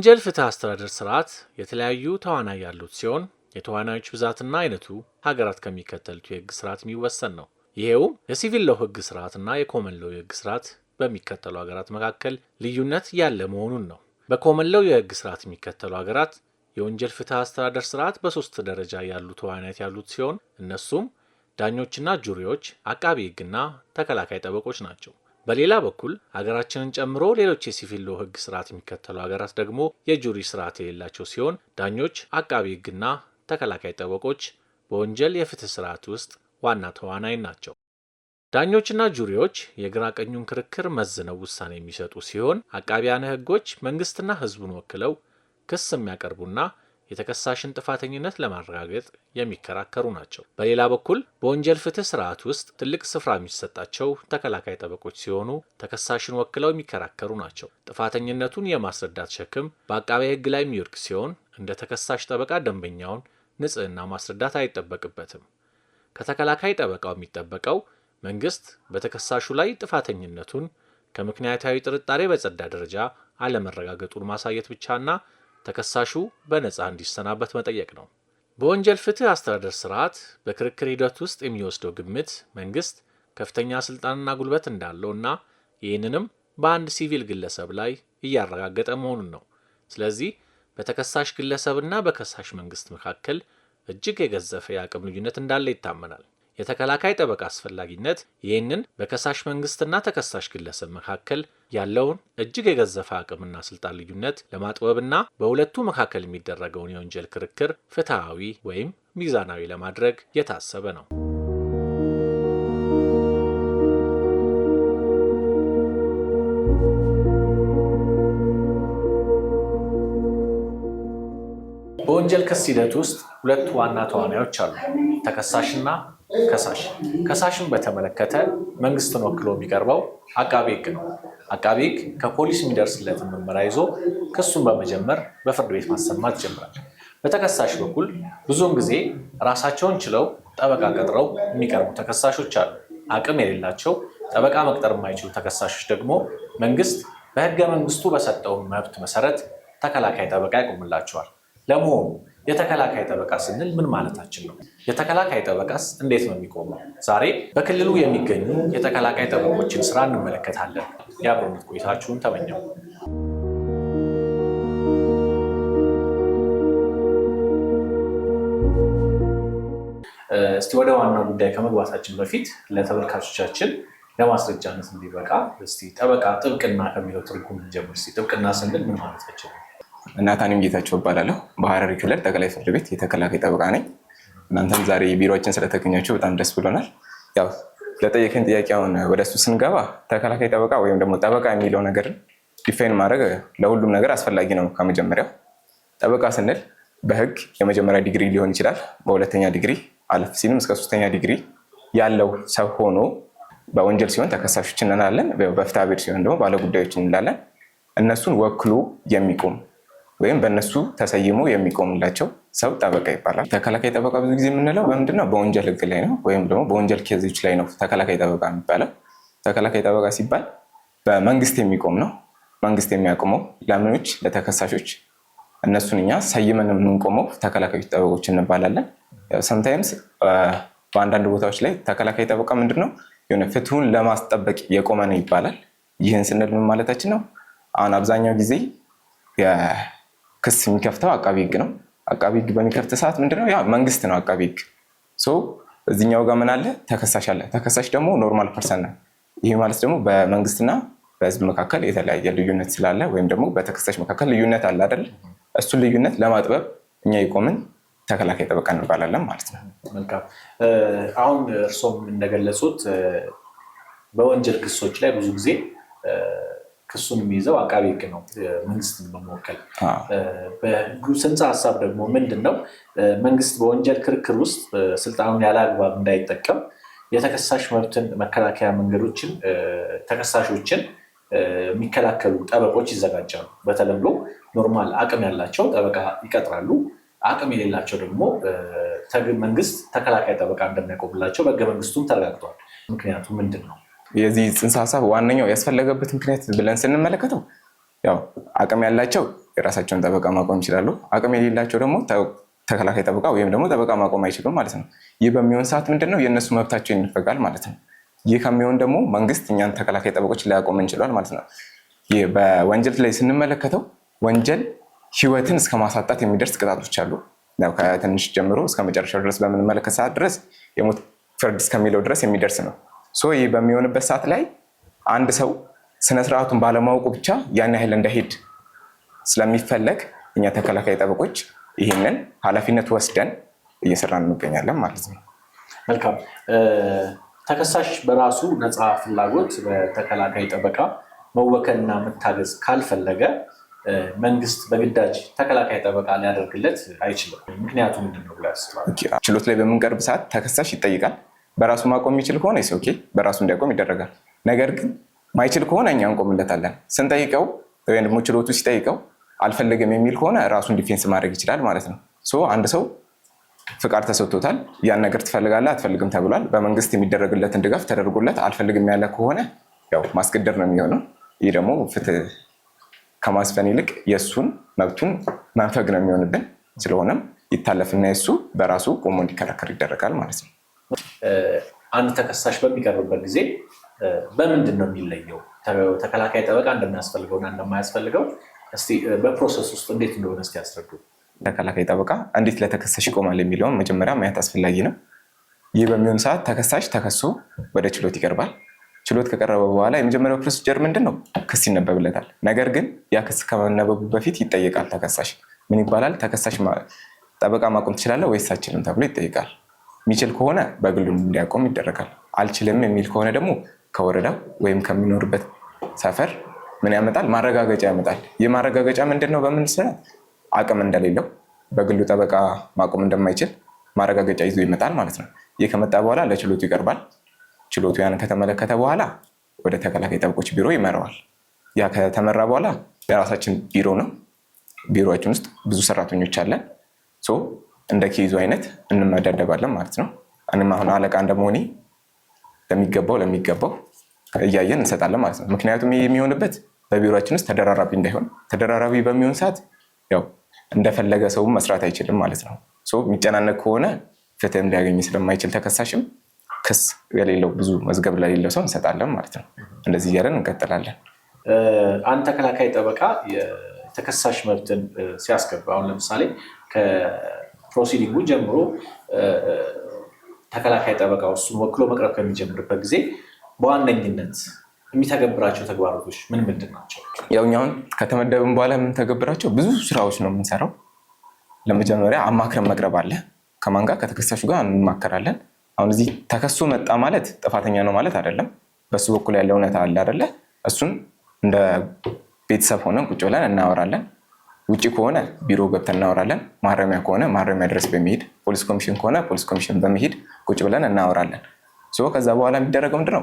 የወንጀል ፍትህ አስተዳደር ስርዓት የተለያዩ ተዋናይ ያሉት ሲሆን የተዋናዮች ብዛትና አይነቱ ሀገራት ከሚከተሉት የህግ ስርዓት የሚወሰን ነው። ይሄውም የሲቪል ለው ህግ ስርዓትና የኮመን ለው የህግ ስርዓት በሚከተሉ ሀገራት መካከል ልዩነት ያለ መሆኑን ነው። በኮመን ለው የህግ ስርዓት የሚከተሉ ሀገራት የወንጀል ፍትህ አስተዳደር ስርዓት በሶስት ደረጃ ያሉ ተዋናይት ያሉት ሲሆን እነሱም ዳኞችና ጁሪዎች፣ አቃቢ ህግና ተከላካይ ጠበቆች ናቸው። በሌላ በኩል ሀገራችንን ጨምሮ ሌሎች የሲቪል ሎ ህግ ስርዓት የሚከተሉ ሀገራት ደግሞ የጁሪ ስርዓት የሌላቸው ሲሆን ዳኞች፣ አቃቢ ህግና ተከላካይ ጠበቆች በወንጀል የፍትህ ስርዓት ውስጥ ዋና ተዋናይ ናቸው። ዳኞችና ጁሪዎች የግራ ቀኙን ክርክር መዝነው ውሳኔ የሚሰጡ ሲሆን አቃቢያነ ህጎች መንግስትና ህዝቡን ወክለው ክስ የሚያቀርቡና የተከሳሽን ጥፋተኝነት ለማረጋገጥ የሚከራከሩ ናቸው። በሌላ በኩል በወንጀል ፍትህ ስርዓት ውስጥ ትልቅ ስፍራ የሚሰጣቸው ተከላካይ ጠበቆች ሲሆኑ ተከሳሽን ወክለው የሚከራከሩ ናቸው። ጥፋተኝነቱን የማስረዳት ሸክም በአቃቤ ሕግ ላይ የሚወድቅ ሲሆን እንደ ተከሳሽ ጠበቃ ደንበኛውን ንጽህና ማስረዳት አይጠበቅበትም። ከተከላካይ ጠበቃው የሚጠበቀው መንግስት በተከሳሹ ላይ ጥፋተኝነቱን ከምክንያታዊ ጥርጣሬ በጸዳ ደረጃ አለመረጋገጡን ማሳየት ብቻና ተከሳሹ በነፃ እንዲሰናበት መጠየቅ ነው። በወንጀል ፍትህ አስተዳደር ስርዓት በክርክር ሂደት ውስጥ የሚወስደው ግምት መንግስት ከፍተኛ ስልጣንና ጉልበት እንዳለው እና ይህንንም በአንድ ሲቪል ግለሰብ ላይ እያረጋገጠ መሆኑን ነው። ስለዚህ በተከሳሽ ግለሰብና በከሳሽ መንግስት መካከል እጅግ የገዘፈ የአቅም ልዩነት እንዳለ ይታመናል። የተከላካይ ጠበቃ አስፈላጊነት ይህንን በከሳሽ መንግስትና ተከሳሽ ግለሰብ መካከል ያለውን እጅግ የገዘፈ አቅምና ስልጣን ልዩነት ለማጥበብና በሁለቱ መካከል የሚደረገውን የወንጀል ክርክር ፍትሐዊ ወይም ሚዛናዊ ለማድረግ የታሰበ ነው። በወንጀል ክስ ሂደት ውስጥ ሁለት ዋና ተዋናዮች አሉ፣ ተከሳሽና ከሳሽ ከሳሽን በተመለከተ መንግስትን ወክሎ የሚቀርበው አቃቤ ህግ ነው። አቃቤ ህግ ከፖሊስ የሚደርስለት ምርመራ ይዞ ክሱን በመጀመር በፍርድ ቤት ማሰማት ይጀምራል። በተከሳሽ በኩል ብዙውን ጊዜ ራሳቸውን ችለው ጠበቃ ቀጥረው የሚቀርቡ ተከሳሾች አሉ። አቅም የሌላቸው ጠበቃ መቅጠር የማይችሉ ተከሳሾች ደግሞ መንግስት በህገ መንግስቱ በሰጠው መብት መሰረት ተከላካይ ጠበቃ ያቆምላቸዋል። ለመሆኑ የተከላካይ ጠበቃ ስንል ምን ማለታችን ነው? የተከላካይ ጠበቃስ እንዴት ነው የሚቆመው? ዛሬ በክልሉ የሚገኙ የተከላካይ ጠበቆችን ስራ እንመለከታለን። የአብሮነት ቆይታችሁን ተመኘው። እስቲ ወደ ዋናው ጉዳይ ከመግባታችን በፊት ለተመልካቾቻችን ለማስረጃነት እንዲበቃ እስቲ ጠበቃ ጥብቅና ከሚለው ትርጉም ጀምር። ጥብቅና ስንል ምን ማለታችን ነው? እናታንም ጌታቸው እባላለሁ። በሐረሪ ክልል ጠቅላይ ፍርድ ቤት የተከላካይ ጠበቃ ነኝ። እናንተም ዛሬ ቢሮችን ስለተገኛችሁ በጣም ደስ ብሎናል። ያው ለጠየቀኝ ጥያቄ አሁን ወደሱ ስንገባ ተከላካይ ጠበቃ ወይም ደግሞ ጠበቃ የሚለው ነገር ዲፋይን ማድረግ ለሁሉም ነገር አስፈላጊ ነው። ከመጀመሪያው ጠበቃ ስንል በህግ የመጀመሪያ ዲግሪ ሊሆን ይችላል። በሁለተኛ ዲግሪ አለፍ ሲልም እስከ ሶስተኛ ዲግሪ ያለው ሰው ሆኖ በወንጀል ሲሆን ተከሳሾች እንላለን፣ በፍትሐ ብሔር ሲሆን ደግሞ ባለጉዳዮች እንላለን። እነሱን ወክሎ የሚቆም ወይም በእነሱ ተሰይሞ የሚቆምላቸው ሰው ጠበቃ ይባላል። ተከላካይ ጠበቃ ብዙ ጊዜ የምንለው በምንድነው? በወንጀል ህግ ላይ ነው ወይም ደግሞ በወንጀል ኬዞች ላይ ነው ተከላካይ ጠበቃ የሚባለው። ተከላካይ ጠበቃ ሲባል በመንግስት የሚቆም ነው። መንግስት የሚያቆመው ለምኖች፣ ለተከሳሾች እነሱን እኛ ሰይመን የምንቆመው ተከላካዮች ጠበቆች እንባላለን። ሰምታይምስ በአንዳንድ ቦታዎች ላይ ተከላካይ ጠበቃ ምንድነው የሆነ ፍትሁን ለማስጠበቅ የቆመ ነው ይባላል። ይህን ስንል ምን ማለታችን ነው? አሁን አብዛኛው ጊዜ ክስ የሚከፍተው አቃቢ ህግ ነው። አቃቢ ህግ በሚከፍት ሰዓት ምንድነው ያ መንግስት ነው አቃቢ ህግ። እዚኛው ጋር ምን አለ? ተከሳሽ አለ። ተከሳሽ ደግሞ ኖርማል ፐርሰን ነው። ይህ ማለት ደግሞ በመንግስትና በህዝብ መካከል የተለያየ ልዩነት ስላለ ወይም ደግሞ በተከሳሽ መካከል ልዩነት አለ አይደል? እሱን ልዩነት ለማጥበብ እኛ የቆምን ተከላካይ ጠበቃ እንባላለን ማለት ነው። መልካም። አሁን እርሶም እንደገለጹት በወንጀል ክሶች ላይ ብዙ ጊዜ ክሱን የሚይዘው አቃቤ ህግ ነው መንግስትን በመወከል። በህጉ ሀሳብ ደግሞ ምንድን ነው መንግስት በወንጀል ክርክር ውስጥ ስልጣኑን ያለ አግባብ እንዳይጠቀም የተከሳሽ መብትን መከላከያ መንገዶችን ተከሳሾችን የሚከላከሉ ጠበቆች ይዘጋጃሉ። በተለምዶ ኖርማል አቅም ያላቸው ጠበቃ ይቀጥራሉ። አቅም የሌላቸው ደግሞ መንግስት ተከላካይ ጠበቃ እንደሚያቆምላቸው በህገ መንግስቱም ተረጋግጧል። ምክንያቱም ምንድን ነው የዚህ ጽንሰ ሀሳብ ዋነኛው ያስፈለገበት ምክንያት ብለን ስንመለከተው ያው አቅም ያላቸው የራሳቸውን ጠበቃ ማቆም ይችላሉ። አቅም የሌላቸው ደግሞ ተከላካይ ጠበቃ ወይም ደግሞ ጠበቃ ማቆም አይችሉም ማለት ነው። ይህ በሚሆን ሰዓት ምንድነው የእነሱ መብታቸው ይነፈጋል ማለት ነው። ይህ ከሚሆን ደግሞ መንግስት እኛን ተከላካይ ጠበቆች ሊያቆም እንችሏል ማለት ነው። ይህ በወንጀል ላይ ስንመለከተው ወንጀል ህይወትን እስከ ማሳጣት የሚደርስ ቅጣቶች አሉ። ከትንሽ ጀምሮ እስከ መጨረሻው ድረስ በምንመለከት ሰዓት ድረስ የሞት ፍርድ እስከሚለው ድረስ የሚደርስ ነው። ሶ ይህ በሚሆንበት ሰዓት ላይ አንድ ሰው ስነስርዓቱን ባለማወቁ ብቻ ያን ያህል እንዳይሄድ ስለሚፈለግ እኛ ተከላካይ ጠበቆች ይህንን ኃላፊነት ወስደን እየሰራን እንገኛለን ማለት ነው። መልካም። ተከሳሽ በራሱ ነፃ ፍላጎት በተከላካይ ጠበቃ መወከልና መታገዝ ካልፈለገ መንግስት በግዳጅ ተከላካይ ጠበቃ ሊያደርግለት አይችልም። ምክንያቱ ምንድን ነው ችሎት ላይ በምንቀርብ ሰዓት ተከሳሽ ይጠይቃል በራሱ ማቆም የሚችል ከሆነ ኦኬ በራሱ እንዲያቆም ይደረጋል። ነገር ግን ማይችል ከሆነ እኛ እንቆምለታለን። ስንጠይቀው ወይም ደግሞ ችሎቱ ሲጠይቀው አልፈለገም የሚል ከሆነ ራሱን ዲፌንስ ማድረግ ይችላል ማለት ነው። አንድ ሰው ፍቃድ ተሰጥቶታል። ያን ነገር ትፈልጋለህ አትፈልግም ተብሏል። በመንግስት የሚደረግለትን ድጋፍ ተደርጎለት አልፈልግም ያለ ከሆነ ያው ማስገደር ነው የሚሆነው። ይህ ደግሞ ፍትህ ከማስፈን ይልቅ የእሱን መብቱን መንፈግ ነው የሚሆንብን። ስለሆነም ይታለፍና የእሱ በራሱ ቆሞ እንዲከራከር ይደረጋል ማለት ነው። አንድ ተከሳሽ በሚቀርብበት ጊዜ በምንድን ነው የሚለየው? ተከላካይ ጠበቃ እንደሚያስፈልገውና እንደማያስፈልገው እስቲ በፕሮሰስ ውስጥ እንዴት እንደሆነ እስቲ ያስረዱ። ተከላካይ ጠበቃ እንዴት ለተከሳሽ ይቆማል የሚለውን መጀመሪያ ማየት አስፈላጊ ነው። ይህ በሚሆን ሰዓት ተከሳሽ ተከሶ ወደ ችሎት ይቀርባል። ችሎት ከቀረበ በኋላ የመጀመሪያው ፕሮሲጀር ምንድን ነው? ክስ ይነበብለታል። ነገር ግን ያ ክስ ከመነበቡ በፊት ይጠየቃል። ተከሳሽ ምን ይባላል? ተከሳሽ ጠበቃ ማቆም ትችላለህ ወይስ አችልም ተብሎ ይጠይቃል። የሚችል ከሆነ በግሉ እንዲያቆም ይደረጋል። አልችልም የሚል ከሆነ ደግሞ ከወረዳ ወይም ከሚኖርበት ሰፈር ምን ያመጣል? ማረጋገጫ ያመጣል። ይህ ማረጋገጫ ምንድን ነው? በምን ስርዓት አቅም እንደሌለው በግሉ ጠበቃ ማቆም እንደማይችል ማረጋገጫ ይዞ ይመጣል ማለት ነው። ይህ ከመጣ በኋላ ለችሎቱ ይቀርባል። ችሎቱ ያን ከተመለከተ በኋላ ወደ ተከላካይ ጠበቆች ቢሮ ይመራዋል። ያ ከተመራ በኋላ የራሳችን ቢሮ ነው። ቢሮችን ውስጥ ብዙ ሰራተኞች አለን። እንደ ኬዙ አይነት እንመደደባለን ማለት ነው። እኔም አሁን አለቃ እንደመሆኔ ለሚገባው ለሚገባው እያየን እንሰጣለን ማለት ነው። ምክንያቱም ይህ የሚሆንበት በቢሮችን ውስጥ ተደራራቢ እንዳይሆን፣ ተደራራቢ በሚሆን ሰዓት ያው እንደፈለገ ሰው መስራት አይችልም ማለት ነው። የሚጨናነቅ ከሆነ ፍትህም ሊያገኝ ስለማይችል ተከሳሽም ክስ የሌለው ብዙ መዝገብ ለሌለው ሰው እንሰጣለን ማለት ነው። እንደዚህ እያለን እንቀጥላለን። አንድ ተከላካይ ጠበቃ የተከሳሽ መብትን ሲያስገባ አሁን ለምሳሌ ፕሮሲዲንጉ ጀምሮ ተከላካይ ጠበቃ እሱን ወክሎ መቅረብ ከሚጀምርበት ጊዜ በዋነኝነት የሚተገብራቸው ተግባራቶች ምን ምንድን ናቸው? ያው እኛውን ከተመደብን በኋላ የምንተገብራቸው ብዙ ስራዎች ነው የምንሰራው። ለመጀመሪያ አማክረን መቅረብ አለ። ከማን ጋር? ከተከሳሹ ጋር እንማከራለን። አሁን እዚህ ተከሶ መጣ ማለት ጥፋተኛ ነው ማለት አይደለም። በሱ በኩል ያለ እውነታ አለ አይደለ? እሱን እንደ ቤተሰብ ሆነን ቁጭ ብለን እናወራለን። ውጭ ከሆነ ቢሮ ገብተን እናወራለን። ማረሚያ ከሆነ ማረሚያ ድረስ በመሄድ ፖሊስ ኮሚሽን ከሆነ ፖሊስ ኮሚሽን በመሄድ ቁጭ ብለን እናወራለን። ከዛ በኋላ የሚደረገው ምንድን ነው?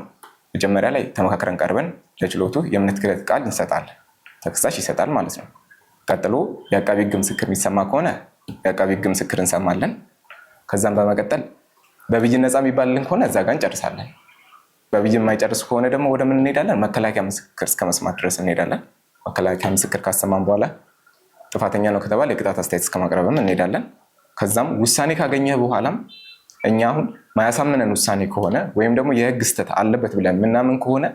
መጀመሪያ ላይ ተመካክረን ቀርበን ለችሎቱ የእምነት ክህደት ቃል እንሰጣለን። ተከሳሽ ይሰጣል ማለት ነው። ቀጥሎ የአቃቢ ሕግ ምስክር የሚሰማ ከሆነ የአቃቢ ሕግ ምስክር እንሰማለን። ከዛም በመቀጠል በብይን ነፃ የሚባልልን ከሆነ እዛ ጋር እንጨርሳለን። በብይን የማይጨርስ ከሆነ ደግሞ ወደምን እንሄዳለን? መከላከያ ምስክር እስከ መስማት ድረስ እንሄዳለን። መከላከያ ምስክር ካሰማን በኋላ ጥፋተኛ ነው ከተባለ የቅጣት አስተያየት እስከማቅረብም እንሄዳለን። ከዛም ውሳኔ ካገኘህ በኋላም እኛ አሁን ማያሳምነን ውሳኔ ከሆነ ወይም ደግሞ የህግ ስህተት አለበት ብለን የምናምን ከሆነ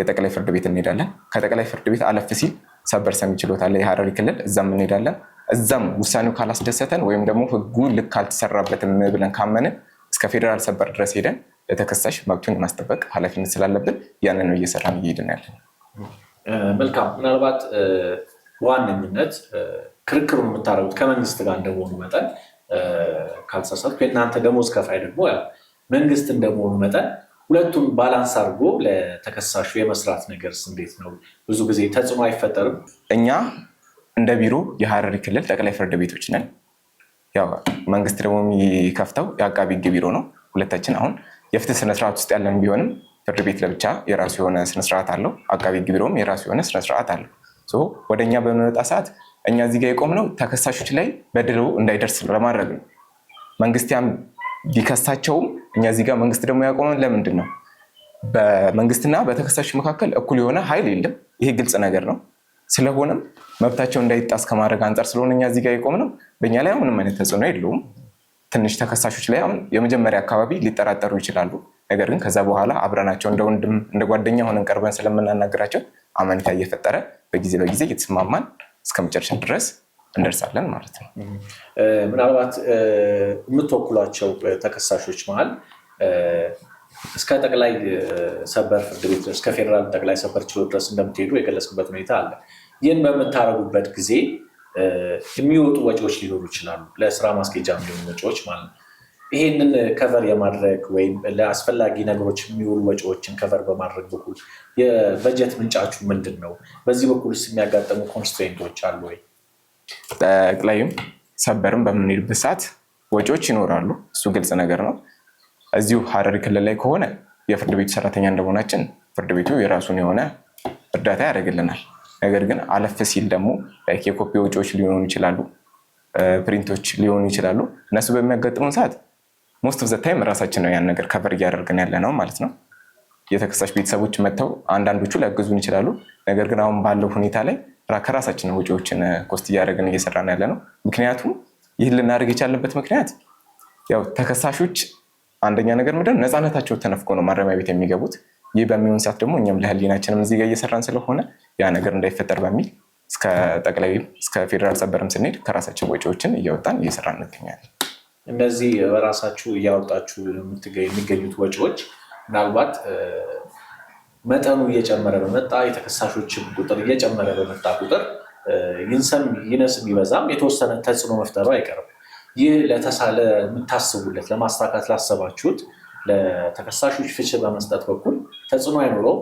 የጠቅላይ ፍርድ ቤት እንሄዳለን። ከጠቅላይ ፍርድ ቤት አለፍ ሲል ሰበር ሰሚ ችሎት አለ የሀረሪ ክልል፣ እዛም እንሄዳለን። እዛም ውሳኔው ካላስደሰተን ወይም ደግሞ ህጉ ልክ አልተሰራበትም ብለን ካመንን እስከ ፌዴራል ሰበር ድረስ ሄደን ለተከሳሽ መብቱን ማስጠበቅ ኃላፊነት ስላለብን ያንን ነው እየሰራን እየሄድን ያለን። መልካም ምናልባት በዋነኝነት ክርክሩን የምታደርጉት ከመንግስት ጋር እንደመሆኑ መጠን ካልተሳሳትኩ የእናንተ ደሞዝ ከፋይ ደግሞ መንግስት እንደመሆኑ መጠን ሁለቱን ባላንስ አድርጎ ለተከሳሹ የመስራት ነገር እንዴት ነው? ብዙ ጊዜ ተጽዕኖ አይፈጠርም? እኛ እንደ ቢሮ የሀረሪ ክልል ጠቅላይ ፍርድ ቤቶች ነን። ያው መንግስት ደግሞ የሚከፍተው የአቃቢ ህግ ቢሮ ነው። ሁለታችን አሁን የፍትህ ስነስርዓት ውስጥ ያለን ቢሆንም ፍርድ ቤት ለብቻ የራሱ የሆነ ስነስርዓት አለው። አቃቢ ህግ ቢሮም የራሱ የሆነ ስነስርዓት አለው። ወደ እኛ በሚመጣ ሰዓት እኛ እዚህ ጋ የቆምነው ተከሳሾች ላይ በደሉ እንዳይደርስ ለማድረግ ነው። መንግስት ያም ቢከሳቸውም እኛ እዚህ ጋር መንግስት ደግሞ ያቆመን ለምንድን ነው? በመንግስትና በተከሳሾች መካከል እኩል የሆነ ኃይል የለም። ይሄ ግልጽ ነገር ነው። ስለሆነም መብታቸው እንዳይጣስ ከማድረግ አንጻር ስለሆነ እኛ እዚህ ጋ የቆምነው በእኛ ላይ ምንም አይነት ተጽዕኖ የለውም። ትንሽ ተከሳሾች ላይ አሁን የመጀመሪያ አካባቢ ሊጠራጠሩ ይችላሉ። ነገር ግን ከዛ በኋላ አብረናቸው እንደ ወንድም እንደ ጓደኛ ሆነን ቀርበን ስለምናናገራቸው አመኔታ እየፈጠረ በጊዜ በጊዜ እየተስማማን እስከ መጨረሻ ድረስ እንደርሳለን ማለት ነው። ምናልባት የምትወክሏቸው ተከሳሾች መሀል እስከ ጠቅላይ ሰበር ፍርድ ቤት እስከ ፌዴራል ጠቅላይ ሰበር ችሎት ድረስ እንደምትሄዱ የገለጽበት ሁኔታ አለ። ይህን በምታረጉበት ጊዜ የሚወጡ ወጪዎች ሊኖሩ ይችላሉ። ለስራ ማስኬጃ የሚሆኑ ወጪዎች ማለት ነው። ይሄንን ከቨር የማድረግ ወይም ለአስፈላጊ ነገሮች የሚውሉ ወጪዎችን ከቨር በማድረግ በኩል የበጀት ምንጫችሁ ምንድን ነው? በዚህ በኩልስ የሚያጋጠሙ ኮንስትሬንቶች አሉ ወይ? ጠቅላይም ሰበርም በምንሄድበት ሰዓት ወጪዎች ይኖራሉ። እሱ ግልጽ ነገር ነው። እዚሁ ሀረሪ ክልል ላይ ከሆነ የፍርድ ቤቱ ሰራተኛ እንደመሆናችን ፍርድ ቤቱ የራሱን የሆነ እርዳታ ያደርግልናል። ነገር ግን አለፍ ሲል ደግሞ የኮፒ ወጪዎች ሊሆኑ ይችላሉ፣ ፕሪንቶች ሊሆኑ ይችላሉ። እነሱ በሚያጋጥሙን ሰዓት ሞስት ኦፍ ዘ ታይም ራሳችን ነው ያን ነገር ከቨር እያደረግን ያለ ነው ማለት ነው። የተከሳሽ ቤተሰቦች መጥተው አንዳንዶቹ ሊያግዙን ይችላሉ። ነገር ግን አሁን ባለው ሁኔታ ላይ ከራሳችን ወጪዎችን ኮስት እያደረግን እየሰራን ያለ ነው። ምክንያቱም ይህን ልናደርግ የቻለበት ምክንያት ያው ተከሳሾች አንደኛ ነገር ምንድን ነፃነታቸው ተነፍቆ ነው ማረሚያ ቤት የሚገቡት። ይህ በሚሆን ሰዓት ደግሞ እኛም ለህሊናችንም እዚህ ጋር እየሰራን ስለሆነ ያ ነገር እንዳይፈጠር በሚል እስከ ጠቅላይ እስከ ፌዴራል ሰበርም ስንሄድ ከራሳችን ወጪዎችን እያወጣን እየሰራን እንገኛለን። እነዚህ በራሳችሁ እያወጣችሁ የሚገኙት ወጪዎች ምናልባት መጠኑ እየጨመረ በመጣ የተከሳሾችን ቁጥር እየጨመረ በመጣ ቁጥር ይንሰም ይነስ ቢበዛም የተወሰነ ተጽዕኖ መፍጠሩ አይቀርም። ይህ ለተሳለ የምታስቡለት ለማሳካት ላሰባችሁት ለተከሳሾች ፍች በመስጠት በኩል ተጽዕኖ አይኖረው?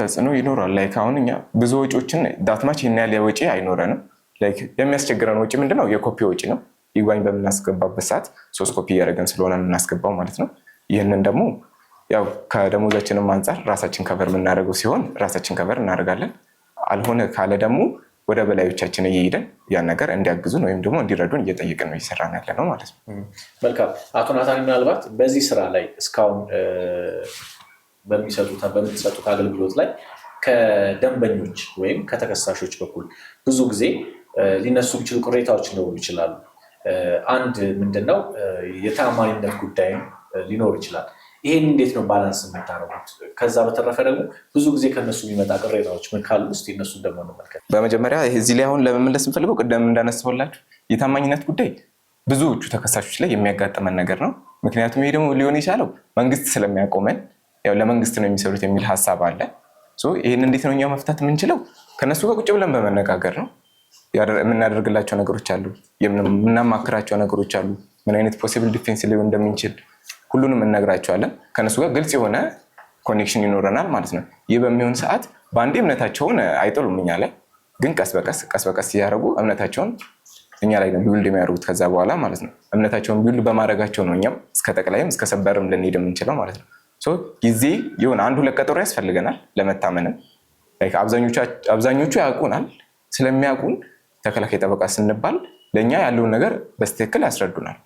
ተጽዕኖ ይኖራል። ላይክ አሁን እኛ ብዙ ወጪዎችን ዳትማች ይናያል ያህል ወጪ አይኖረንም። የሚያስቸግረን ወጪ ምንድነው? የኮፒ ወጪ ነው። ኢጓኝ በምናስገባበት ሰዓት ሶስት ኮፒ እያደረገን ስለሆነ የምናስገባው ማለት ነው። ይህንን ደግሞ ያው ከደሞዛችንም አንጻር ራሳችን ከቨር የምናደርገው ሲሆን ራሳችን ከበር እናደርጋለን። አልሆነ ካለ ደግሞ ወደ በላዮቻችን እየሄደን ያን ነገር እንዲያግዙን ወይም ደግሞ እንዲረዱን እየጠየቅን ነው እየሰራን ያለ ነው ማለት ነው። መልካም አቶ ናታን፣ ምናልባት በዚህ ስራ ላይ እስካሁን በምትሰጡት አገልግሎት ላይ ከደንበኞች ወይም ከተከሳሾች በኩል ብዙ ጊዜ ሊነሱ የሚችሉ ቅሬታዎች ሊኖሩ ይችላሉ። አንድ ምንድን ነው የተአማኒነት ጉዳይም ሊኖር ይችላል። ይሄን እንዴት ነው ባላንስ የምታረጉት? ከዛ በተረፈ ደግሞ ብዙ ጊዜ ከነሱ የሚመጣ ቅሬታዎች ምን ካሉ ስ እነሱ ደግሞ እንመልከት። በመጀመሪያ እዚህ ላይ አሁን ለመመለስ የምፈልገው ቅደም እንዳነሳሁላችሁ የታማኝነት ጉዳይ ብዙዎቹ ተከሳሾች ላይ የሚያጋጥመን ነገር ነው። ምክንያቱም ይሄ ደግሞ ሊሆን የቻለው መንግስት ስለሚያቆመን ያው ለመንግስት ነው የሚሰሩት የሚል ሀሳብ አለ። ይህን እንዴት ነው ኛው መፍታት የምንችለው? ከነሱ ጋር ቁጭ ብለን በመነጋገር ነው የምናደርግላቸው ነገሮች አሉ፣ የምናማክራቸው ነገሮች አሉ፣ ምን አይነት ፖሲብል ዲፌንስ ሊሆን እንደምንችል ሁሉንም እነግራቸዋለን። ከነሱ ጋር ግልጽ የሆነ ኮኔክሽን ይኖረናል ማለት ነው። ይህ በሚሆን ሰዓት በአንዴ እምነታቸውን አይጥሉም እኛ ላይ፣ ግን ቀስ በቀስ ቀስ በቀስ እያደረጉ እምነታቸውን እኛ ላይ ነው ቢውልድ የሚያደርጉት። ከዛ በኋላ ማለት ነው እምነታቸውን ቢውልድ በማድረጋቸው ነው እኛም እስከ ጠቅላይም እስከ ሰበርም ልንሄድ የምንችለው ማለት ነው። ጊዜ የሆነ አንድ ሁለት ቀጠሮ ያስፈልገናል ለመታመንም። አብዛኞቹ ያውቁናል ስለሚያውቁን ተከላካይ ጠበቃ ስንባል ለእኛ ያለውን ነገር በስትክክል ያስረዱናል።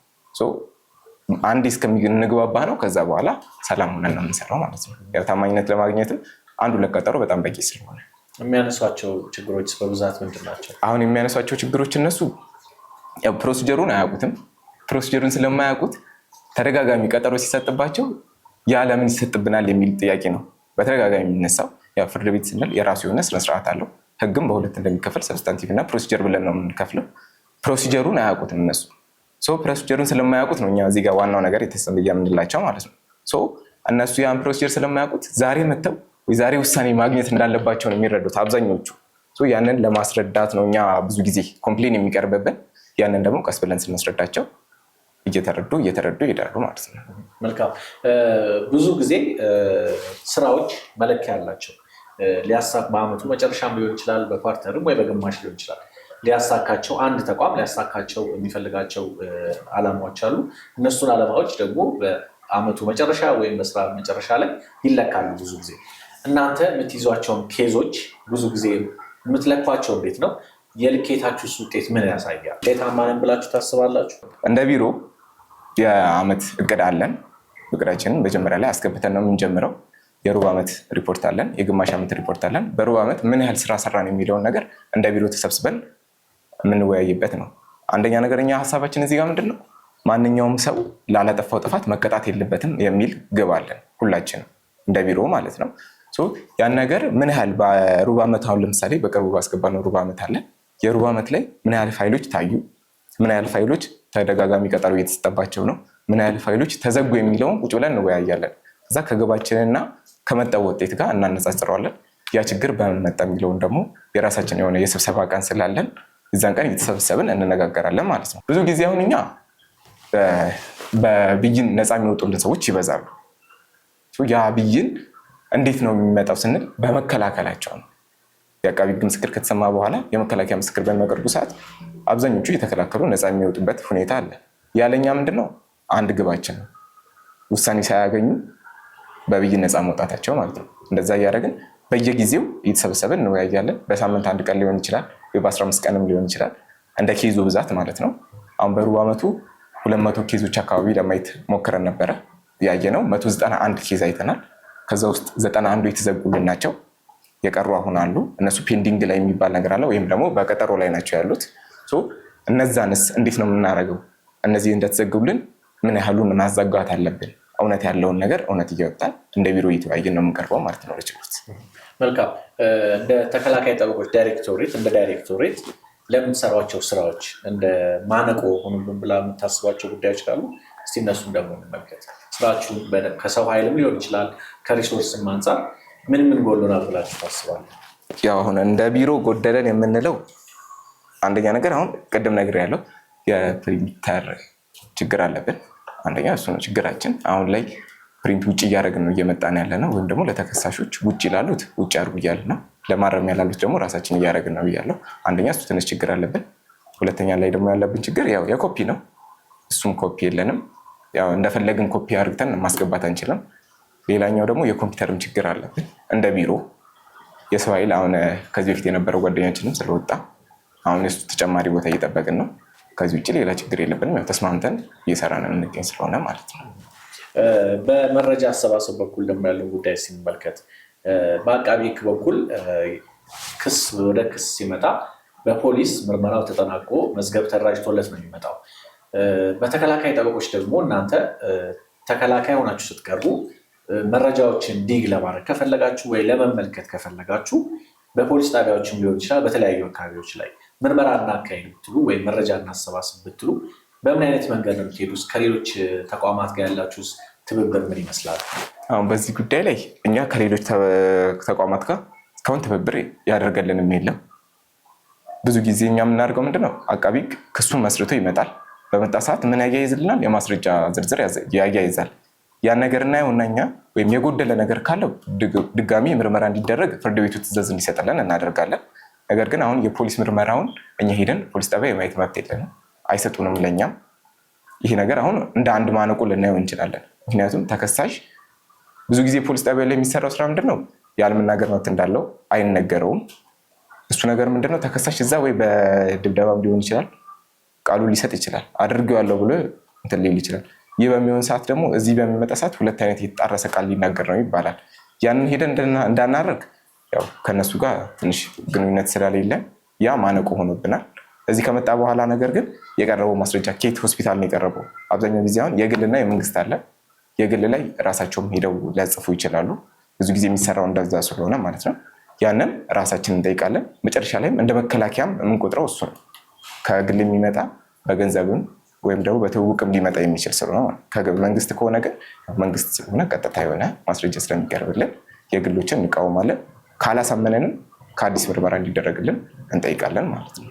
አንድ እስከምንግባባ ነው። ከዛ በኋላ ሰላም ሆነን ነው የምንሰራው ማለት ነው። ያው ታማኝነት ለማግኘትም አንዱ ለቀጠሮ በጣም በቂ ስለሆነ የሚያነሷቸው ችግሮች በብዛት ምንድን ናቸው? አሁን የሚያነሷቸው ችግሮች እነሱ ፕሮሲጀሩን አያውቁትም። ፕሮሲጀሩን ስለማያውቁት ተደጋጋሚ ቀጠሮ ሲሰጥባቸው ያለምን ይሰጥብናል የሚል ጥያቄ ነው በተደጋጋሚ የሚነሳው። ፍርድ ቤት ስንል የራሱ የሆነ ስነስርዓት አለው። ህግም በሁለት እንደሚከፈል ሰብስታንቲቭ እና ፕሮሲጀር ብለን ነው የምንከፍለው። ፕሮሲጀሩን አያውቁትም እነሱ። ፕሮሲጀሩን ስለማያውቁት ነው እኛ እዚህ ጋር ዋናው ነገር የተሰብያ የምንላቸው ማለት ነው። እነሱ ያን ፕሮሲጀር ስለማያውቁት ዛሬ መጥተው ዛሬ ውሳኔ ማግኘት እንዳለባቸው ነው የሚረዱት አብዛኞቹ። ያንን ለማስረዳት ነው እኛ ብዙ ጊዜ ኮምፕሌን የሚቀርብብን። ያንን ደግሞ ቀስ ብለን ስናስረዳቸው እየተረዱ እየተረዱ ይሄዳሉ ማለት ነው። መልካም። ብዙ ጊዜ ስራዎች መለኪያ አላቸው ሊያሳካ በአመቱ መጨረሻም ሊሆን ይችላል፣ በኳርተርም ወይ በግማሽ ሊሆን ይችላል። ሊያሳካቸው አንድ ተቋም ሊያሳካቸው የሚፈልጋቸው አላማዎች አሉ። እነሱን አላማዎች ደግሞ በአመቱ መጨረሻ ወይም በስራ መጨረሻ ላይ ይለካሉ። ብዙ ጊዜ እናንተ የምትይዟቸውን ኬዞች ብዙ ጊዜ የምትለኳቸው እንዴት ነው? የልኬታችሁ ውጤት ምን ያሳያል? ውጤታማ ነን ብላችሁ ታስባላችሁ? እንደ ቢሮ የአመት እቅድ አለን። እቅዳችንን መጀመሪያ ላይ አስገብተን ነው የምንጀምረው። የሩብ ዓመት ሪፖርት አለን፣ የግማሽ ዓመት ሪፖርት አለን። በሩብ ዓመት ምን ያህል ስራ ሰራን የሚለውን ነገር እንደ ቢሮ ተሰብስበን የምንወያይበት ነው። አንደኛ ነገር እኛ ሀሳባችን እዚህ ጋር ምንድን ነው ማንኛውም ሰው ላለጠፋው ጥፋት መቀጣት የለበትም የሚል ግብ አለን ሁላችንም እንደ ቢሮ ማለት ነው። ያን ነገር ምን ያህል በሩብ ዓመት አሁን ለምሳሌ በቅርቡ ባስገባነው ሩብ ዓመት አለ። የሩብ ዓመት ላይ ምን ያህል ፋይሎች ታዩ፣ ምን ያህል ፋይሎች ተደጋጋሚ ቀጠሮ እየተሰጠባቸው ነው፣ ምን ያህል ፋይሎች ተዘጉ የሚለውን ቁጭ ብለን እንወያያለን። ከዛ ከግባችንና ከመጣው ውጤት ጋር እናነጻጽረዋለን። ያ ችግር በምን መጣ የሚለውን ደግሞ የራሳችን የሆነ የስብሰባ ቀን ስላለን እዛን ቀን እየተሰበሰብን እንነጋገራለን ማለት ነው። ብዙ ጊዜ አሁን እኛ በብይን ነፃ የሚወጡልን ሰዎች ይበዛሉ። ያ ብይን እንዴት ነው የሚመጣው ስንል በመከላከላቸው ነው። የአቃቢ ሕግ ምስክር ከተሰማ በኋላ የመከላከያ ምስክር በሚያቀርቡ ሰዓት አብዛኞቹ እየተከላከሉ ነፃ የሚወጡበት ሁኔታ አለ። ያለኛ ምንድነው አንድ ግባችን ነው፣ ውሳኔ ሳያገኙ በብይን ነፃ መውጣታቸው ማለት ነው። እንደዛ እያደረግን በየጊዜው እየተሰበሰብን እንወያያለን። በሳምንት አንድ ቀን ሊሆን ይችላል ወይ በ15 ቀንም ሊሆን ይችላል እንደ ኬዙ ብዛት ማለት ነው። አሁን በሩብ ዓመቱ ሁለት መቶ ኬዞች አካባቢ ለማየት ሞክረን ነበረ። ያየ ነው መቶ ዘጠና አንድ ኬዝ አይተናል። ከዛ ውስጥ ዘጠና አንዱ የተዘጉልን ናቸው። የቀሩ አሁን አሉ። እነሱ ፔንዲንግ ላይ የሚባል ነገር አለ ወይም ደግሞ በቀጠሮ ላይ ናቸው ያሉት። እነዛንስ እንዴት ነው የምናደርገው? እነዚህ እንደተዘጉልን ምን ያህሉን ማዛጋት አለብን? እውነት ያለውን ነገር እውነት እየወጣን እንደ ቢሮ እየተወያየን ነው የምንቀርበው ማለት ነው ለችሎት። መልካም። እንደ ተከላካይ ጠበቆች ዳይሬክቶሬት እንደ ዳይሬክቶሬት ለምንሰራቸው ስራዎች እንደ ማነቆ ሆኑብን ብላ የምታስባቸው ጉዳዮች ካሉ እስቲ እነሱን ደግሞ እንመልከት። ስራችሁ ከሰው ኃይልም ሊሆን ይችላል ከሪሶርስም አንጻር ምን ምን ጎሎናል ብላችሁ ታስባለ? ያው አሁን እንደ ቢሮ ጎደለን የምንለው አንደኛ ነገር አሁን ቅድም ነገር ያለው የፕሪንተር ችግር አለብን። አንደኛ እሱ ነው ችግራችን። አሁን ላይ ፕሪንት ውጭ እያደረግን ነው እየመጣን ያለ ነው። ወይም ደግሞ ለተከሳሾች ውጭ ላሉት ውጭ አድርጉ እያለ ነው፣ ለማረሚያ ላሉት ደግሞ ራሳችን እያደረግን ነው እያለው። አንደኛ እሱ ትንሽ ችግር አለብን። ሁለተኛ ላይ ደግሞ ያለብን ችግር ያው የኮፒ ነው። እሱም ኮፒ የለንም። ያው እንደፈለግን ኮፒ አድርግተን ማስገባት አንችልም። ሌላኛው ደግሞ የኮምፒውተርም ችግር አለብን እንደ ቢሮ የሰው ኃይል አሁን ከዚህ በፊት የነበረው ጓደኛችንም ስለወጣ አሁን የሱ ተጨማሪ ቦታ እየጠበቅን ነው። ከዚህ ውጭ ሌላ ችግር የለብንም። ያው ተስማምተን እየሰራን የምንገኝ ስለሆነ ማለት ነው። በመረጃ አሰባሰብ በኩል ደግሞ ያለው ጉዳይ ስንመልከት በአቃቢ ሕግ በኩል ክስ ወደ ክስ ሲመጣ በፖሊስ ምርመራው ተጠናቆ መዝገብ ተደራጅቶለት ነው የሚመጣው። በተከላካይ ጠበቆች ደግሞ እናንተ ተከላካይ ሆናችሁ ስትቀርቡ መረጃዎችን ዲግ ለማድረግ ከፈለጋችሁ ወይ ለመመልከት ከፈለጋችሁ በፖሊስ ጣቢያዎችም ሊሆን ይችላል፣ በተለያዩ አካባቢዎች ላይ ምርመራ እናካሄድ ብትሉ ወይም መረጃ እናሰባስብ ብትሉ በምን አይነት መንገድ ነው የምትሄዱት? ከሌሎች ተቋማት ጋር ያላችሁስ ትብብር ምን ይመስላል? አሁን በዚህ ጉዳይ ላይ እኛ ከሌሎች ተቋማት ጋር እስካሁን ትብብር ያደርገልንም የለም። ብዙ ጊዜ እኛ የምናደርገው ምንድነው አቃቢ ክሱን መስርቶ ይመጣል። በመጣ ሰዓት ምን ያያይዝልናል? የማስረጃ ዝርዝር ያያይዛል። ያን ነገር እናየውና እኛ ወይም የጎደለ ነገር ካለው ድጋሚ ምርመራ እንዲደረግ ፍርድ ቤቱ ትዕዛዝ እንዲሰጥልን እናደርጋለን። ነገር ግን አሁን የፖሊስ ምርመራውን እኛ ሄደን ፖሊስ ጣቢያ የማየት መብት የለንም፣ አይሰጡንም ለእኛም። ይሄ ነገር አሁን እንደ አንድ ማነቆ ልናየው እንችላለን። ምክንያቱም ተከሳሽ ብዙ ጊዜ ፖሊስ ጣቢያ ላይ የሚሰራው ስራ ምንድን ነው? ያለመናገር መብት እንዳለው አይነገረውም። እሱ ነገር ምንድን ነው? ተከሳሽ እዛ ወይ በድብደባም ሊሆን ይችላል ቃሉ ሊሰጥ ይችላል፣ አድርጌዋለሁ ብሎ እንትን ሊል ይችላል። ይህ በሚሆን ሰዓት ደግሞ እዚህ በሚመጣ ሰዓት ሁለት አይነት የተጣረሰ ቃል ሊናገር ነው ይባላል። ያንን ሄደን እንዳናደርግ ያው ከነሱ ጋር ትንሽ ግንኙነት ስለሌለን ያ ማነቆ ሆኖብናል። እዚህ ከመጣ በኋላ ነገር ግን የቀረበው ማስረጃ ኬት ሆስፒታል ነው የቀረበው። አብዛኛው ጊዜ አሁን የግልና የመንግስት አለ። የግል ላይ ራሳቸውም ሄደው ሊያጽፉ ይችላሉ። ብዙ ጊዜ የሚሰራው እንደዛ ስለሆነ ማለት ነው። ያንን ራሳችን እንጠይቃለን። መጨረሻ ላይም እንደ መከላከያም የምንቆጥረው እሱ ነው። ከግል የሚመጣ በገንዘብም ወይም ደግሞ በትውውቅም ሊመጣ የሚችል ስለሆነ፣ መንግስት ከሆነ ግን መንግስት ስለሆነ ቀጥታ የሆነ ማስረጃ ስለሚቀርብልን የግሎችን እንቃወማለን። ካላሳመነንም ከአዲስ ምርመራ እንዲደረግልን እንጠይቃለን ማለት ነው።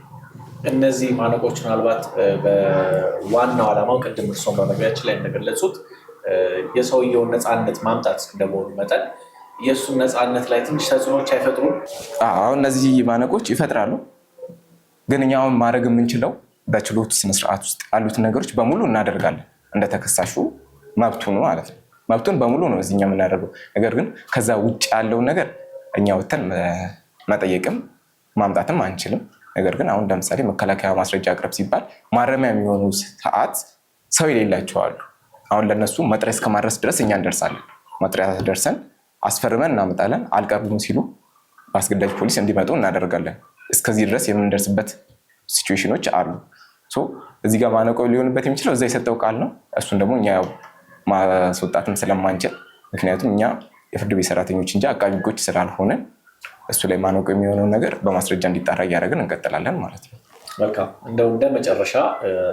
እነዚህ ማነቆች ምናልባት በዋናው ዓላማው ቅድም እርስዎም በመግቢያችን ላይ እንደገለጹት የሰውየውን ነፃነት ማምጣት እንደመሆኑ መጠን የእሱን ነፃነት ላይ ትንሽ ተጽዕኖች አይፈጥሩም? አሁን እነዚህ ማነቆች ይፈጥራሉ። ግን እኛውን ማድረግ የምንችለው በችሎቱ ስነስርዓት ውስጥ ያሉትን ነገሮች በሙሉ እናደርጋለን። እንደ ተከሳሹ መብቱ ነው ማለት ነው። መብቱን በሙሉ ነው እዚህኛ የምናደርገው። ነገር ግን ከዛ ውጭ ያለውን ነገር እኛ ወተን መጠየቅም ማምጣትም አንችልም። ነገር ግን አሁን ለምሳሌ መከላከያ ማስረጃ አቅርብ ሲባል ማረሚያ የሚሆኑ ሰዓት ሰው የሌላቸው አሉ። አሁን ለእነሱ መጥሪያ እስከማድረስ ድረስ እኛ እንደርሳለን። መጥሪያ ደርሰን አስፈርመን እናመጣለን። አልቀርቡም ሲሉ በአስገዳጅ ፖሊስ እንዲመጡ እናደርጋለን። እስከዚህ ድረስ የምንደርስበት ሲዌሽኖች አሉ። እዚህ ጋር ማነቆ ሊሆንበት የሚችለው እዛ የሰጠው ቃል ነው። እሱን ደግሞ እኛ ማስወጣትም ስለማንችል ምክንያቱም እኛ የፍርድ ቤት ሰራተኞች እንጂ አቃቢ ሕጎች ስላልሆነ እሱ ላይ ማነቁ የሚሆነው ነገር በማስረጃ እንዲጣራ እያደረግን እንቀጥላለን ማለት ነው። መልካም እንደው እንደ መጨረሻ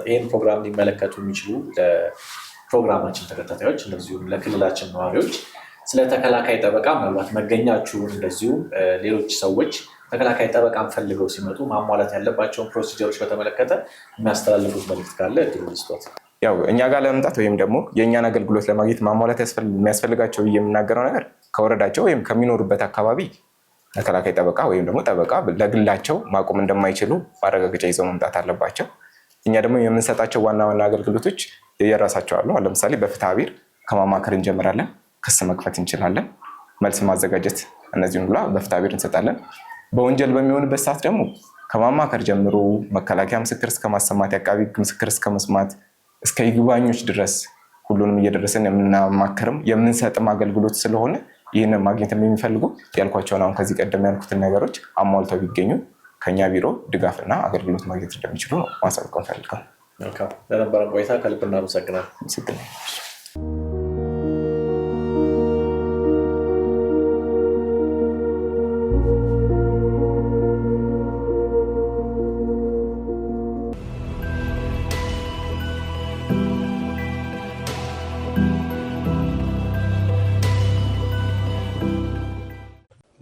ይህን ፕሮግራም ሊመለከቱ የሚችሉ ለፕሮግራማችን ተከታታዮች እንደዚሁም ለክልላችን ነዋሪዎች ስለ ተከላካይ ጠበቃ ምናልባት መገኛችሁን እንደዚሁም ሌሎች ሰዎች ተከላካይ ጠበቃን ፈልገው ሲመጡ ማሟላት ያለባቸውን ፕሮሲጀሮች በተመለከተ የሚያስተላልፉት መልዕክት ካለ እድሉ ያው እኛ ጋር ለመምጣት ወይም ደግሞ የእኛን አገልግሎት ለማግኘት ማሟላት የሚያስፈልጋቸው የምናገረው ነገር ከወረዳቸው ወይም ከሚኖሩበት አካባቢ ተከላካይ ጠበቃ ወይም ደግሞ ጠበቃ ለግላቸው ማቆም እንደማይችሉ ማረጋገጫ ይዘው መምጣት አለባቸው። እኛ ደግሞ የምንሰጣቸው ዋና ዋና አገልግሎቶች የራሳቸው አሉ። ለምሳሌ በፍትሐ ብሔር ከማማከር እንጀምራለን። ክስ መክፈት እንችላለን። መልስ ማዘጋጀት፣ እነዚህን ሁላ በፍትሐ ብሔር እንሰጣለን። በወንጀል በሚሆንበት ሰዓት ደግሞ ከማማከር ጀምሮ መከላከያ ምስክር እስከማሰማት፣ የአቃቢ ምስክር እስከመስማት እስከ ይግባኞች ድረስ ሁሉንም እየደረሰን የምናማከርም የምንሰጥም አገልግሎት ስለሆነ ይህን ማግኘት የሚፈልጉ ያልኳቸውን አሁን ከዚህ ቀደም ያልኩትን ነገሮች አሟልተው ቢገኙ ከኛ ቢሮ ድጋፍና አገልግሎት ማግኘት እንደሚችሉ ማሳወቅ እንፈልጋል። ለነበረን ቆይታ ከልብ እናመሰግናል።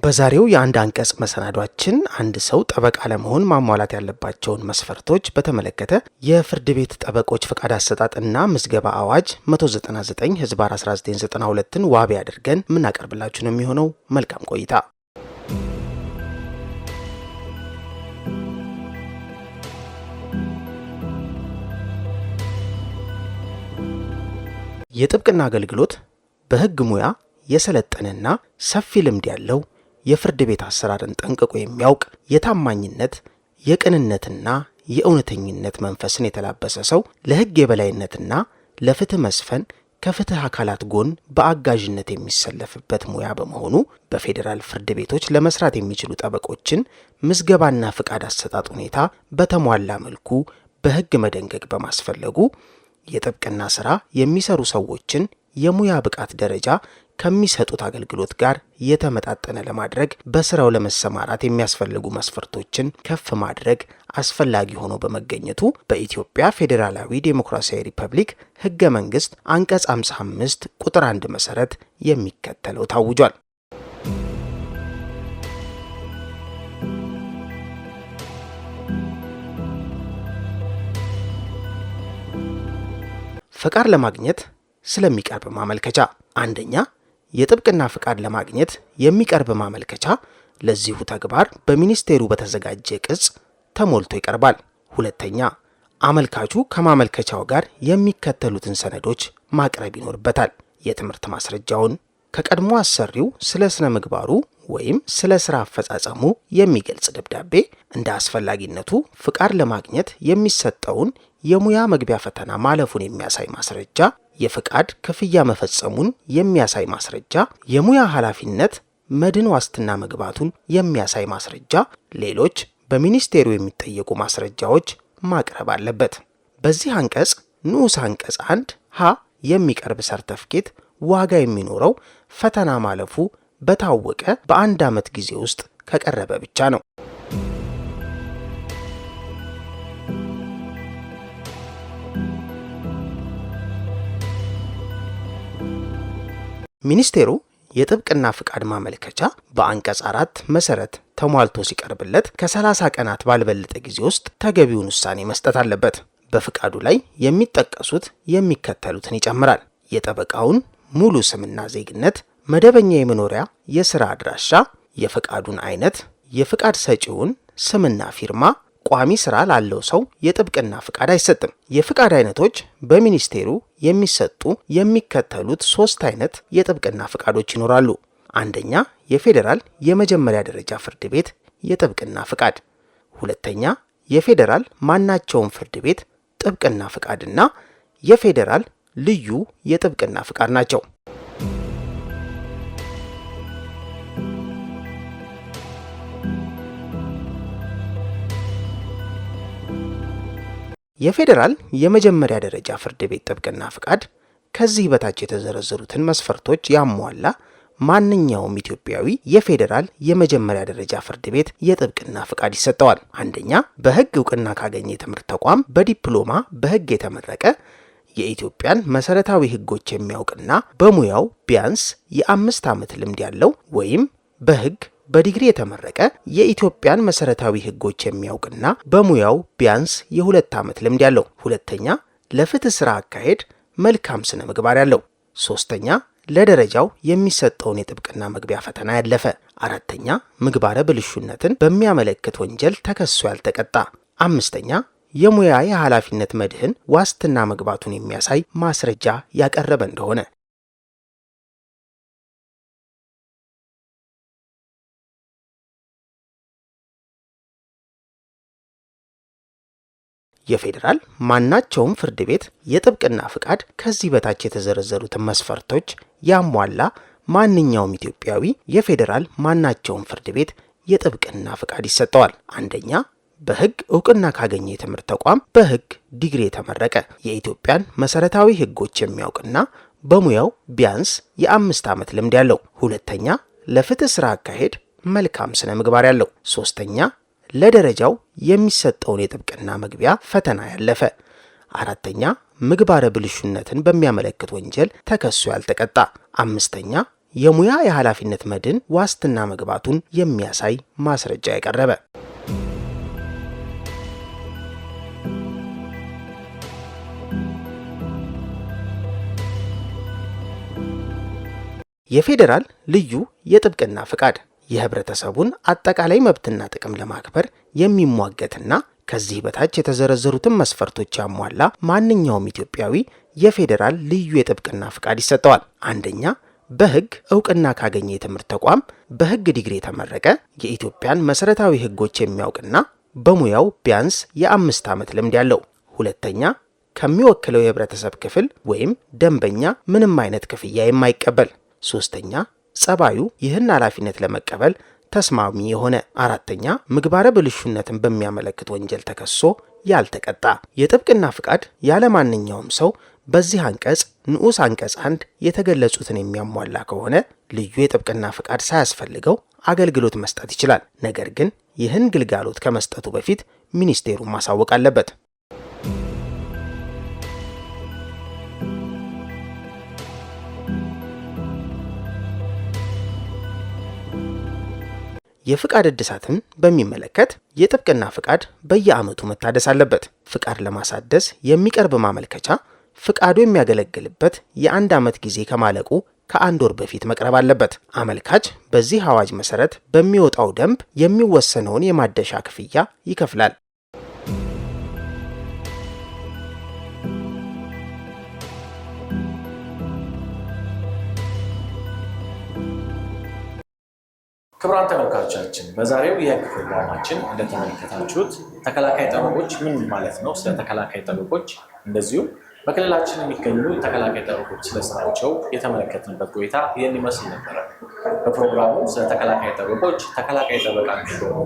በዛሬው የአንድ አንቀጽ መሰናዷችን አንድ ሰው ጠበቃ ለመሆን ማሟላት ያለባቸውን መስፈርቶች በተመለከተ የፍርድ ቤት ጠበቆች ፈቃድ አሰጣጥና ምዝገባ አዋጅ 199 ህዝባር 1992ን ዋቢ አድርገን የምናቀርብላችሁ ነው የሚሆነው። መልካም ቆይታ። የጥብቅና አገልግሎት በህግ ሙያ የሰለጠነና ሰፊ ልምድ ያለው የፍርድ ቤት አሰራርን ጠንቅቆ የሚያውቅ የታማኝነት የቅንነትና የእውነተኝነት መንፈስን የተላበሰ ሰው ለሕግ የበላይነትና ለፍትህ መስፈን ከፍትህ አካላት ጎን በአጋዥነት የሚሰለፍበት ሙያ በመሆኑ በፌዴራል ፍርድ ቤቶች ለመስራት የሚችሉ ጠበቆችን ምዝገባና ፍቃድ አሰጣጥ ሁኔታ በተሟላ መልኩ በሕግ መደንገግ በማስፈለጉ የጥብቅና ስራ የሚሰሩ ሰዎችን የሙያ ብቃት ደረጃ ከሚሰጡት አገልግሎት ጋር የተመጣጠነ ለማድረግ በስራው ለመሰማራት የሚያስፈልጉ መስፈርቶችን ከፍ ማድረግ አስፈላጊ ሆኖ በመገኘቱ በኢትዮጵያ ፌዴራላዊ ዴሞክራሲያዊ ሪፐብሊክ ህገ መንግስት አንቀጽ 55 ቁጥር 1 መሰረት የሚከተለው ታውጇል። ፈቃድ ለማግኘት ስለሚቀርብ ማመልከቻ አንደኛ የጥብቅና ፍቃድ ለማግኘት የሚቀርብ ማመልከቻ ለዚሁ ተግባር በሚኒስቴሩ በተዘጋጀ ቅጽ ተሞልቶ ይቀርባል። ሁለተኛ፣ አመልካቹ ከማመልከቻው ጋር የሚከተሉትን ሰነዶች ማቅረብ ይኖርበታል። የትምህርት ማስረጃውን፣ ከቀድሞ አሰሪው ስለ ስነ ምግባሩ ወይም ስለ ስራ አፈጻጸሙ የሚገልጽ ደብዳቤ እንደ አስፈላጊነቱ ፍቃድ ለማግኘት የሚሰጠውን የሙያ መግቢያ ፈተና ማለፉን የሚያሳይ ማስረጃ፣ የፍቃድ ክፍያ መፈጸሙን የሚያሳይ ማስረጃ፣ የሙያ ኃላፊነት መድን ዋስትና መግባቱን የሚያሳይ ማስረጃ፣ ሌሎች በሚኒስቴሩ የሚጠየቁ ማስረጃዎች ማቅረብ አለበት። በዚህ አንቀጽ ንዑስ አንቀጽ አንድ ሀ የሚቀርብ ሰርተፍኬት ዋጋ የሚኖረው ፈተና ማለፉ በታወቀ በአንድ ዓመት ጊዜ ውስጥ ከቀረበ ብቻ ነው። ሚኒስቴሩ የጥብቅና ፍቃድ ማመልከቻ በአንቀጽ አራት መሰረት ተሟልቶ ሲቀርብለት ከ30 ቀናት ባልበለጠ ጊዜ ውስጥ ተገቢውን ውሳኔ መስጠት አለበት። በፍቃዱ ላይ የሚጠቀሱት የሚከተሉትን ይጨምራል። የጠበቃውን ሙሉ ስምና ዜግነት መደበኛ የመኖሪያ የስራ አድራሻ፣ የፈቃዱን አይነት፣ የፈቃድ ሰጪውን ስምና ፊርማ። ቋሚ ስራ ላለው ሰው የጥብቅና ፍቃድ አይሰጥም። የፍቃድ አይነቶች በሚኒስቴሩ የሚሰጡ የሚከተሉት ሶስት አይነት የጥብቅና ፍቃዶች ይኖራሉ። አንደኛ የፌዴራል የመጀመሪያ ደረጃ ፍርድ ቤት የጥብቅና ፍቃድ፣ ሁለተኛ የፌዴራል ማናቸውም ፍርድ ቤት ጥብቅና ፍቃድና የፌዴራል ልዩ የጥብቅና ፍቃድ ናቸው። የፌዴራል የመጀመሪያ ደረጃ ፍርድ ቤት ጥብቅና ፍቃድ ከዚህ በታች የተዘረዘሩትን መስፈርቶች ያሟላ ማንኛውም ኢትዮጵያዊ የፌዴራል የመጀመሪያ ደረጃ ፍርድ ቤት የጥብቅና ፍቃድ ይሰጠዋል። አንደኛ በሕግ እውቅና ካገኘ የትምህርት ተቋም በዲፕሎማ በሕግ የተመረቀ የኢትዮጵያን መሰረታዊ ሕጎች የሚያውቅና በሙያው ቢያንስ የአምስት ዓመት ልምድ ያለው ወይም በሕግ በዲግሪ የተመረቀ የኢትዮጵያን መሰረታዊ ህጎች የሚያውቅና በሙያው ቢያንስ የሁለት ዓመት ልምድ ያለው፣ ሁለተኛ ለፍትህ ስራ አካሄድ መልካም ስነ ምግባር ያለው፣ ሶስተኛ ለደረጃው የሚሰጠውን የጥብቅና መግቢያ ፈተና ያለፈ፣ አራተኛ ምግባረ ብልሹነትን በሚያመለክት ወንጀል ተከሶ ያልተቀጣ፣ አምስተኛ የሙያ የኃላፊነት መድህን ዋስትና መግባቱን የሚያሳይ ማስረጃ ያቀረበ እንደሆነ የፌዴራል ማናቸውም ፍርድ ቤት የጥብቅና ፍቃድ ከዚህ በታች የተዘረዘሩትን መስፈርቶች ያሟላ ማንኛውም ኢትዮጵያዊ የፌዴራል ማናቸውም ፍርድ ቤት የጥብቅና ፍቃድ ይሰጠዋል። አንደኛ በህግ እውቅና ካገኘ የትምህርት ተቋም በህግ ዲግሪ የተመረቀ የኢትዮጵያን መሰረታዊ ህጎች የሚያውቅና በሙያው ቢያንስ የአምስት ዓመት ልምድ ያለው። ሁለተኛ ለፍትህ ስራ አካሄድ መልካም ስነ ምግባር ያለው። ሶስተኛ ለደረጃው የሚሰጠውን የጥብቅና መግቢያ ፈተና ያለፈ፣ አራተኛ ምግባረ ብልሹነትን በሚያመለክት ወንጀል ተከሶ ያልተቀጣ፣ አምስተኛ የሙያ የኃላፊነት መድን ዋስትና መግባቱን የሚያሳይ ማስረጃ ያቀረበ። የፌዴራል ልዩ የጥብቅና ፍቃድ የህብረተሰቡን አጠቃላይ መብትና ጥቅም ለማክበር የሚሟገትና ከዚህ በታች የተዘረዘሩትን መስፈርቶች ያሟላ ማንኛውም ኢትዮጵያዊ የፌዴራል ልዩ የጥብቅና ፍቃድ ይሰጠዋል። አንደኛ በህግ እውቅና ካገኘ የትምህርት ተቋም በህግ ዲግሪ የተመረቀ የኢትዮጵያን መሰረታዊ ህጎች የሚያውቅና በሙያው ቢያንስ የአምስት ዓመት ልምድ ያለው። ሁለተኛ ከሚወክለው የህብረተሰብ ክፍል ወይም ደንበኛ ምንም አይነት ክፍያ የማይቀበል። ሶስተኛ ጸባዩ ይህን ኃላፊነት ለመቀበል ተስማሚ የሆነ አራተኛ ምግባረ ብልሹነትን በሚያመለክት ወንጀል ተከሶ ያልተቀጣ የጥብቅና ፍቃድ ያለማንኛውም ሰው በዚህ አንቀጽ ንዑስ አንቀጽ አንድ የተገለጹትን የሚያሟላ ከሆነ ልዩ የጥብቅና ፍቃድ ሳያስፈልገው አገልግሎት መስጠት ይችላል። ነገር ግን ይህን ግልጋሎት ከመስጠቱ በፊት ሚኒስቴሩን ማሳወቅ አለበት። የፍቃድ እድሳትን በሚመለከት የጥብቅና ፍቃድ በየዓመቱ መታደስ አለበት። ፍቃድ ለማሳደስ የሚቀርብ ማመልከቻ ፍቃዱ የሚያገለግልበት የአንድ ዓመት ጊዜ ከማለቁ ከአንድ ወር በፊት መቅረብ አለበት። አመልካች በዚህ አዋጅ መሰረት በሚወጣው ደንብ የሚወሰነውን የማደሻ ክፍያ ይከፍላል። ክብራን ተመልካቾቻችን በዛሬው የህግ ፕሮግራማችን እንደተመለከታችሁት ተከላካይ ጠበቆች ምን ማለት ነው፣ ስለ ተከላካይ ጠበቆች እንደዚሁም በክልላችን የሚገኙ ተከላካይ ጠበቆች ስለስራቸው የተመለከትንበት ቆይታ ይህን ይመስል ነበረ። በፕሮግራሙ ስለ ተከላካይ ጠበቆች፣ ተከላካይ ጠበቃ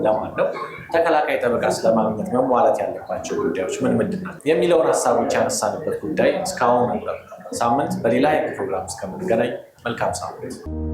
ለማን ነው፣ ተከላካይ ጠበቃ ስለማግኘት መሟላት ያለባቸው ጉዳዮች ምን ምንድን ናቸው የሚለውን ሀሳቦች ያነሳንበት ጉዳይ እስካሁን ነበር። ሳምንት በሌላ የህግ ፕሮግራም እስከምንገናኝ መልካም ሳምንት